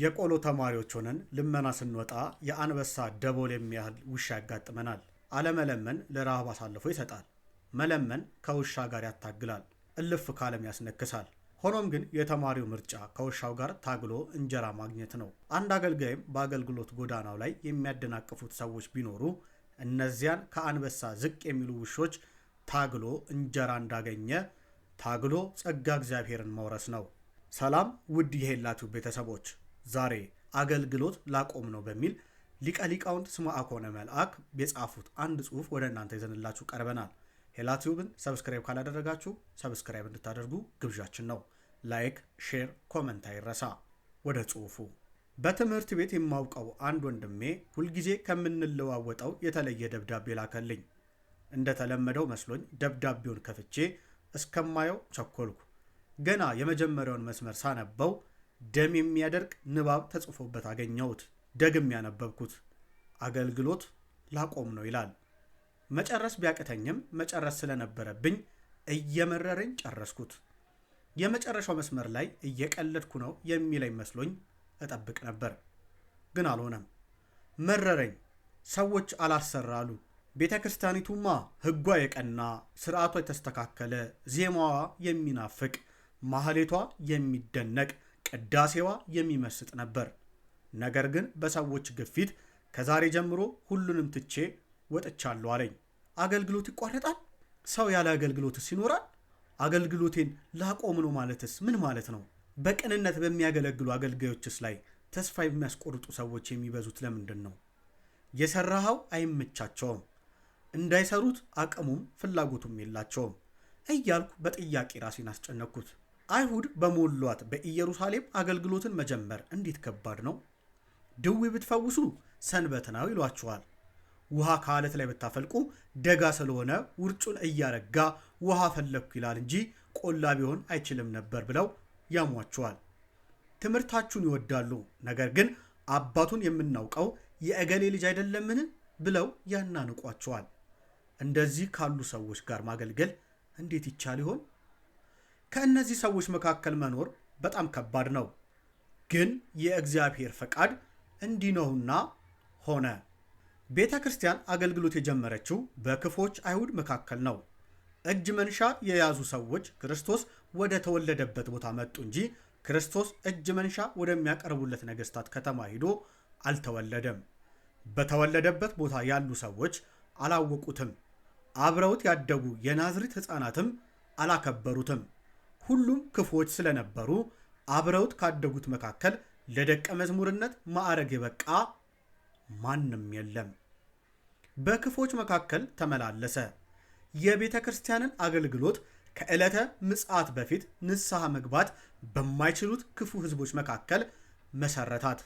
የቆሎ ተማሪዎች ሆነን ልመና ስንወጣ የአንበሳ ደቦል የሚያህል ውሻ ያጋጥመናል። አለመለመን ለረሃብ አሳልፎ ይሰጣል። መለመን ከውሻ ጋር ያታግላል፣ እልፍ ካለም ያስነክሳል። ሆኖም ግን የተማሪው ምርጫ ከውሻው ጋር ታግሎ እንጀራ ማግኘት ነው። አንድ አገልጋይም በአገልግሎት ጎዳናው ላይ የሚያደናቅፉት ሰዎች ቢኖሩ እነዚያን ከአንበሳ ዝቅ የሚሉ ውሾች ታግሎ እንጀራ እንዳገኘ ታግሎ ጸጋ እግዚአብሔርን መውረስ ነው። ሰላም ውድ የሄላችሁ ቤተሰቦች ዛሬ አገልግሎት ላቆም ነው በሚል ሊቀ ሊቃውንት ስምዐ ኮነ መልአክ የጻፉት አንድ ጽሑፍ ወደ እናንተ ይዘንላችሁ ቀርበናል። ሄላቲዩብን ሰብስክራይብ ካላደረጋችሁ ሰብስክራይብ እንድታደርጉ ግብዣችን ነው። ላይክ፣ ሼር፣ ኮመንት አይረሳ። ወደ ጽሑፉ በትምህርት ቤት የማውቀው አንድ ወንድሜ ሁልጊዜ ከምንለዋወጠው የተለየ ደብዳቤ ላከልኝ። እንደተለመደው መስሎኝ ደብዳቤውን ከፍቼ እስከማየው ቸኮልኩ። ገና የመጀመሪያውን መስመር ሳነበው ደም የሚያደርቅ ንባብ ተጽፎበት አገኘሁት። ደግም ያነበብኩት አገልግሎት ላቆም ነው ይላል። መጨረስ ቢያቅተኝም መጨረስ ስለነበረብኝ እየመረረኝ ጨረስኩት። የመጨረሻው መስመር ላይ እየቀለድኩ ነው የሚለኝ መስሎኝ እጠብቅ ነበር፣ ግን አልሆነም። መረረኝ። ሰዎች አላሰራሉ። ቤተ ክርስቲያኒቱማ ሕጓ የቀና ስርዓቷ የተስተካከለ፣ ዜማዋ የሚናፍቅ፣ ማህሌቷ የሚደነቅ ቅዳሴዋ የሚመስጥ ነበር። ነገር ግን በሰዎች ግፊት ከዛሬ ጀምሮ ሁሉንም ትቼ ወጥቻለሁ አለኝ። አገልግሎት ይቋረጣል? ሰው ያለ አገልግሎትስ ይኖራል? አገልግሎቴን ላቆም ነው ማለትስ ምን ማለት ነው? በቅንነት በሚያገለግሉ አገልጋዮችስ ላይ ተስፋ የሚያስቆርጡ ሰዎች የሚበዙት ለምንድን ነው? የሰራኸው አይመቻቸውም፣ እንዳይሰሩት አቅሙም ፍላጎቱም የላቸውም እያልኩ በጥያቄ ራሴን አስጨነቅኩት። አይሁድ በሞሏት በኢየሩሳሌም አገልግሎትን መጀመር እንዴት ከባድ ነው! ድዊ ብትፈውሱ ሰንበት ነው ይሏችኋል። ውሃ ከአለት ላይ ብታፈልቁ ደጋ ስለሆነ ውርጩን እያረጋ ውሃ ፈለግኩ ይላል እንጂ ቆላ ቢሆን አይችልም ነበር ብለው ያሟችኋል። ትምህርታችሁን ይወዳሉ፣ ነገር ግን አባቱን የምናውቀው የእገሌ ልጅ አይደለምን ብለው ያናንቋቸዋል። እንደዚህ ካሉ ሰዎች ጋር ማገልገል እንዴት ይቻል ይሆን? ከእነዚህ ሰዎች መካከል መኖር በጣም ከባድ ነው፣ ግን የእግዚአብሔር ፈቃድ እንዲህ ነውና ሆነ። ቤተ ክርስቲያን አገልግሎት የጀመረችው በክፎች አይሁድ መካከል ነው። እጅ መንሻ የያዙ ሰዎች ክርስቶስ ወደ ተወለደበት ቦታ መጡ እንጂ ክርስቶስ እጅ መንሻ ወደሚያቀርቡለት ነገሥታት ከተማ ሂዶ አልተወለደም። በተወለደበት ቦታ ያሉ ሰዎች አላወቁትም። አብረውት ያደጉ የናዝሪት ሕፃናትም አላከበሩትም። ሁሉም ክፉዎች ስለነበሩ አብረውት ካደጉት መካከል ለደቀ መዝሙርነት ማዕረግ የበቃ ማንም የለም። በክፎች መካከል ተመላለሰ። የቤተ ክርስቲያንን አገልግሎት ከዕለተ ምጽአት በፊት ንስሐ መግባት በማይችሉት ክፉ ሕዝቦች መካከል መሰረታት።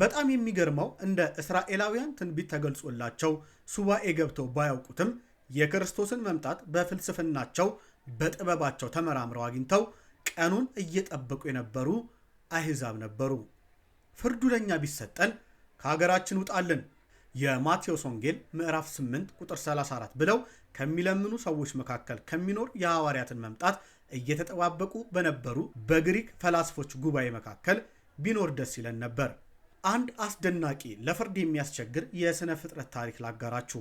በጣም የሚገርመው እንደ እስራኤላውያን ትንቢት ተገልጾላቸው ሱባኤ ገብተው ባያውቁትም የክርስቶስን መምጣት በፍልስፍናቸው በጥበባቸው ተመራምረው አግኝተው ቀኑን እየጠበቁ የነበሩ አሕዛብ ነበሩ። ፍርዱ ለእኛ ቢሰጠን ከሀገራችን ውጣልን የማቴዎስ ወንጌል ምዕራፍ 8 ቁጥር 34 ብለው ከሚለምኑ ሰዎች መካከል ከሚኖር የሐዋርያትን መምጣት እየተጠባበቁ በነበሩ በግሪክ ፈላስፎች ጉባኤ መካከል ቢኖር ደስ ይለን ነበር። አንድ አስደናቂ ለፍርድ የሚያስቸግር የሥነ ፍጥረት ታሪክ ላጋራችሁ።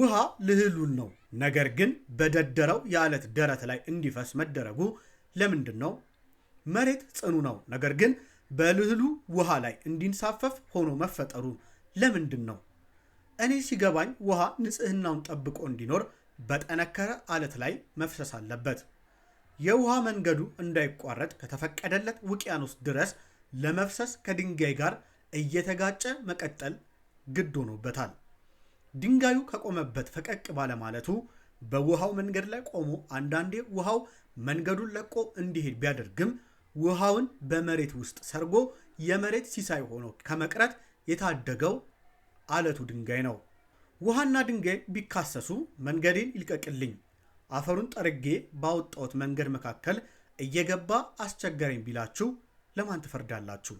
ውሃ ልህሉን ነው። ነገር ግን በደደረው የዓለት ደረት ላይ እንዲፈስ መደረጉ ለምንድን ነው? መሬት ጽኑ ነው። ነገር ግን በልህሉ ውሃ ላይ እንዲንሳፈፍ ሆኖ መፈጠሩ ለምንድን ነው? እኔ ሲገባኝ ውሃ ንጽህናውን ጠብቆ እንዲኖር በጠነከረ ዓለት ላይ መፍሰስ አለበት። የውሃ መንገዱ እንዳይቋረጥ ከተፈቀደለት ውቅያኖስ ድረስ ለመፍሰስ ከድንጋይ ጋር እየተጋጨ መቀጠል ግድ ሆኖበታል። ድንጋዩ ከቆመበት ፈቀቅ ባለማለቱ በውሃው መንገድ ላይ ቆሞ አንዳንዴ ውሃው መንገዱን ለቆ እንዲሄድ ቢያደርግም ውሃውን በመሬት ውስጥ ሰርጎ የመሬት ሲሳይ ሆኖ ከመቅረት የታደገው አለቱ ድንጋይ ነው። ውሃና ድንጋይ ቢካሰሱ መንገዴን ይልቀቅልኝ፣ አፈሩን ጠርጌ ባወጣሁት መንገድ መካከል እየገባ አስቸገረኝ ቢላችሁ ለማን ትፈርዳላችሁ?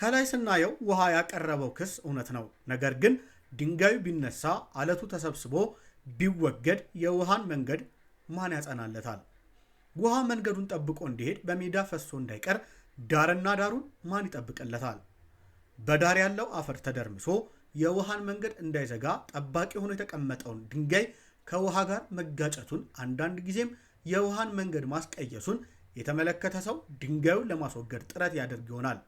ከላይ ስናየው ውሃ ያቀረበው ክስ እውነት ነው። ነገር ግን ድንጋዩ ቢነሳ አለቱ ተሰብስቦ ቢወገድ የውሃን መንገድ ማን ያጸናለታል? ውሃ መንገዱን ጠብቆ እንዲሄድ በሜዳ ፈሶ እንዳይቀር ዳርና ዳሩን ማን ይጠብቅለታል? በዳር ያለው አፈር ተደርምሶ የውሃን መንገድ እንዳይዘጋ ጠባቂ ሆኖ የተቀመጠውን ድንጋይ ከውሃ ጋር መጋጨቱን አንዳንድ ጊዜም የውሃን መንገድ ማስቀየሱን የተመለከተ ሰው ድንጋዩን ለማስወገድ ጥረት ያደርግ ይሆናል።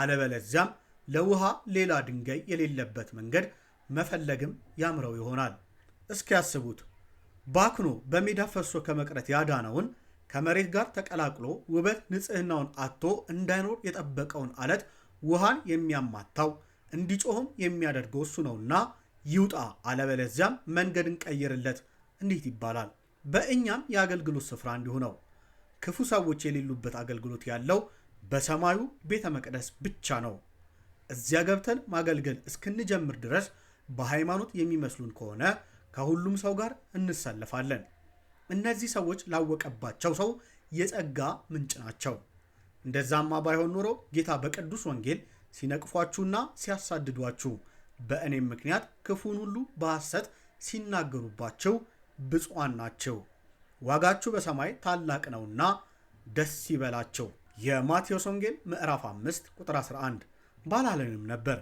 አለበለዚያም ለውሃ ሌላ ድንጋይ የሌለበት መንገድ መፈለግም ያምረው ይሆናል። እስኪ ያስቡት ባክኖ በሜዳ ፈርሶ ከመቅረት ያዳነውን ከመሬት ጋር ተቀላቅሎ ውበት ንጽህናውን አጥቶ እንዳይኖር የጠበቀውን አለት ውሃን የሚያማታው እንዲጮህም የሚያደርገው እሱ ነውና ይውጣ፣ አለበለዚያም መንገድ እንቀይርለት እንዴት ይባላል። በእኛም የአገልግሎት ስፍራ እንዲሁ ነው። ክፉ ሰዎች የሌሉበት አገልግሎት ያለው በሰማዩ ቤተ መቅደስ ብቻ ነው። እዚያ ገብተን ማገልገል እስክንጀምር ድረስ በሃይማኖት የሚመስሉን ከሆነ ከሁሉም ሰው ጋር እንሰለፋለን። እነዚህ ሰዎች ላወቀባቸው ሰው የጸጋ ምንጭ ናቸው። እንደዛማ ባይሆን ኖሮ ጌታ በቅዱስ ወንጌል ሲነቅፏችሁና ሲያሳድዷችሁ በእኔም ምክንያት ክፉን ሁሉ በሐሰት ሲናገሩባቸው ብፁዓን ናቸው፣ ዋጋችሁ በሰማይ ታላቅ ነውና ደስ ይበላቸው። የማቴዎስ ወንጌል ምዕራፍ 5 ቁጥር 11 ባላለንም ነበር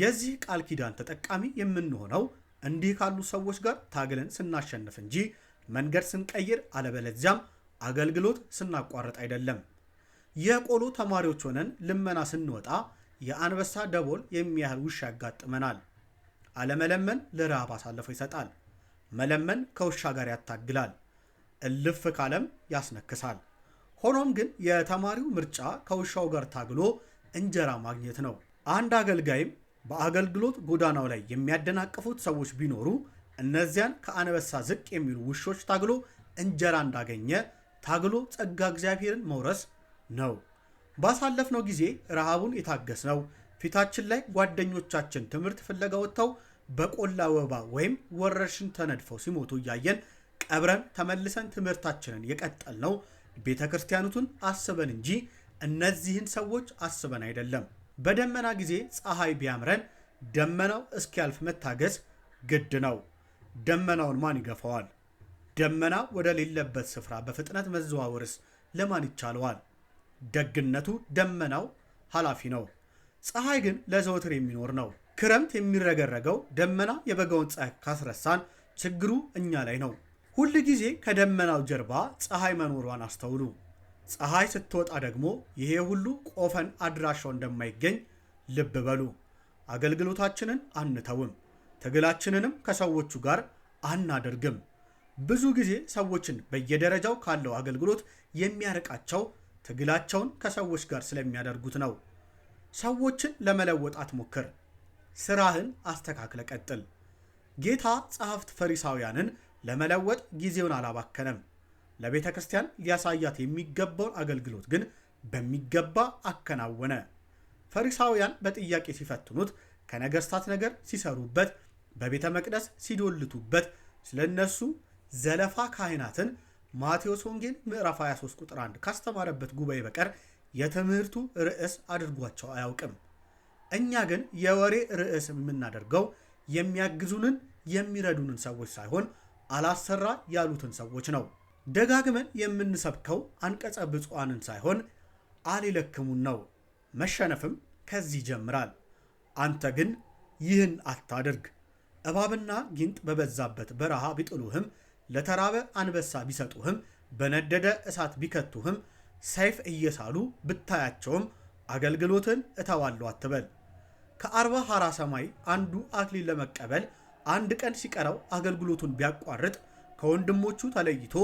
የዚህ ቃል ኪዳን ተጠቃሚ የምንሆነው እንዲህ ካሉ ሰዎች ጋር ታግለን ስናሸንፍ እንጂ መንገድ ስንቀይር አለበለዚያም አገልግሎት ስናቋርጥ አይደለም። የቆሎ ተማሪዎች ሆነን ልመና ስንወጣ የአንበሳ ደቦል የሚያህል ውሻ ያጋጥመናል። አለመለመን ለረሃብ አሳልፎ ይሰጣል። መለመን ከውሻ ጋር ያታግላል፣ እልፍ ካለም ያስነክሳል። ሆኖም ግን የተማሪው ምርጫ ከውሻው ጋር ታግሎ እንጀራ ማግኘት ነው። አንድ አገልጋይም በአገልግሎት ጎዳናው ላይ የሚያደናቅፉት ሰዎች ቢኖሩ እነዚያን ከአንበሳ ዝቅ የሚሉ ውሾች ታግሎ እንጀራ እንዳገኘ ታግሎ ጸጋ እግዚአብሔርን መውረስ ነው። ባሳለፍነው ጊዜ ረሃቡን የታገስነው ፊታችን ላይ ጓደኞቻችን ትምህርት ፍለጋ ወጥተው በቆላ ወባ ወይም ወረርሽኝ ተነድፈው ሲሞቱ እያየን ቀብረን ተመልሰን ትምህርታችንን የቀጠልነው ቤተ ክርስቲያኑትን አስበን እንጂ እነዚህን ሰዎች አስበን አይደለም። በደመና ጊዜ ፀሐይ ቢያምረን ደመናው እስኪያልፍ መታገስ ግድ ነው። ደመናውን ማን ይገፋዋል? ደመና ወደ ሌለበት ስፍራ በፍጥነት መዘዋወርስ ለማን ይቻለዋል? ደግነቱ ደመናው ኃላፊ ነው። ፀሐይ ግን ለዘወትር የሚኖር ነው። ክረምት የሚረገረገው ደመና የበጋውን ፀሐይ ካስረሳን ችግሩ እኛ ላይ ነው። ሁል ጊዜ ከደመናው ጀርባ ፀሐይ መኖሯን አስተውሉ። ፀሐይ ስትወጣ ደግሞ ይሄ ሁሉ ቆፈን አድራሻው እንደማይገኝ ልብ በሉ። አገልግሎታችንን አንተውም፣ ትግላችንንም ከሰዎቹ ጋር አናደርግም። ብዙ ጊዜ ሰዎችን በየደረጃው ካለው አገልግሎት የሚያርቃቸው ትግላቸውን ከሰዎች ጋር ስለሚያደርጉት ነው። ሰዎችን ለመለወጥ አትሞክር፣ ስራህን አስተካክለ ቀጥል። ጌታ ጸሐፍት ፈሪሳውያንን ለመለወጥ ጊዜውን አላባከነም። ለቤተ ክርስቲያን ሊያሳያት የሚገባውን አገልግሎት ግን በሚገባ አከናወነ። ፈሪሳውያን በጥያቄ ሲፈትኑት፣ ከነገስታት ነገር ሲሰሩበት፣ በቤተ መቅደስ ሲዶልቱበት፣ ስለ እነሱ ዘለፋ ካህናትን ማቴዎስ ወንጌል ምዕራፍ 23 ቁጥር 1 ካስተማረበት ጉባኤ በቀር የትምህርቱ ርዕስ አድርጓቸው አያውቅም። እኛ ግን የወሬ ርዕስ የምናደርገው የሚያግዙንን የሚረዱንን ሰዎች ሳይሆን አላሰራ ያሉትን ሰዎች ነው። ደጋግመን የምንሰብከው አንቀጸ ብፁዓንን ሳይሆን አልለክሙን ነው። መሸነፍም ከዚህ ይጀምራል። አንተ ግን ይህን አታድርግ። እባብና ጊንጥ በበዛበት በረሃ ቢጥሉህም፣ ለተራበ አንበሳ ቢሰጡህም፣ በነደደ እሳት ቢከቱህም፣ ሰይፍ እየሳሉ ብታያቸውም አገልግሎትን እተዋለሁ አትበል። ከአርባ ሐራ ሰማይ አንዱ አክሊል ለመቀበል አንድ ቀን ሲቀረው አገልግሎቱን ቢያቋርጥ ከወንድሞቹ ተለይቶ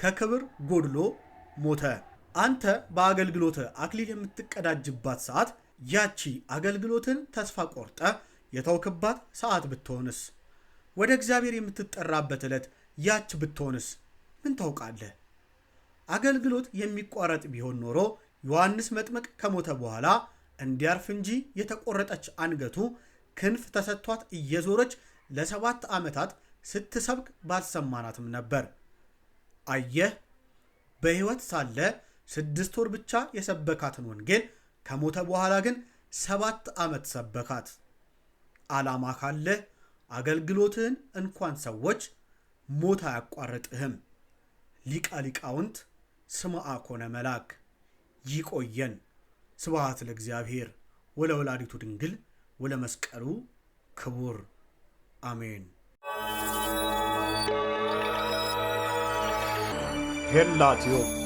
ከክብር ጎድሎ ሞተ። አንተ በአገልግሎት አክሊል የምትቀዳጅባት ሰዓት ያቺ አገልግሎትን ተስፋ ቆርጠ የተውክባት ሰዓት ብትሆንስ? ወደ እግዚአብሔር የምትጠራበት ዕለት ያች ብትሆንስ? ምን ታውቃለህ? አገልግሎት የሚቋረጥ ቢሆን ኖሮ ዮሐንስ መጥምቅ ከሞተ በኋላ እንዲያርፍ እንጂ የተቆረጠች አንገቱ ክንፍ ተሰጥቷት እየዞረች ለሰባት ዓመታት ስትሰብክ ባልሰማናትም ነበር። አየህ በሕይወት ሳለ ስድስት ወር ብቻ የሰበካትን ወንጌል ከሞተ በኋላ ግን ሰባት ዓመት ሰበካት። ዓላማ ካለህ አገልግሎትህን እንኳን ሰዎች ሞት አያቋርጥህም። ሊቀ ሊቃውንት ስምዐ ኮነ መላክ ይቆየን። ስብሐት ለእግዚአብሔር ወለወላዲቱ ድንግል ወለመስቀሉ ክቡር አሜን። हेल्ला जी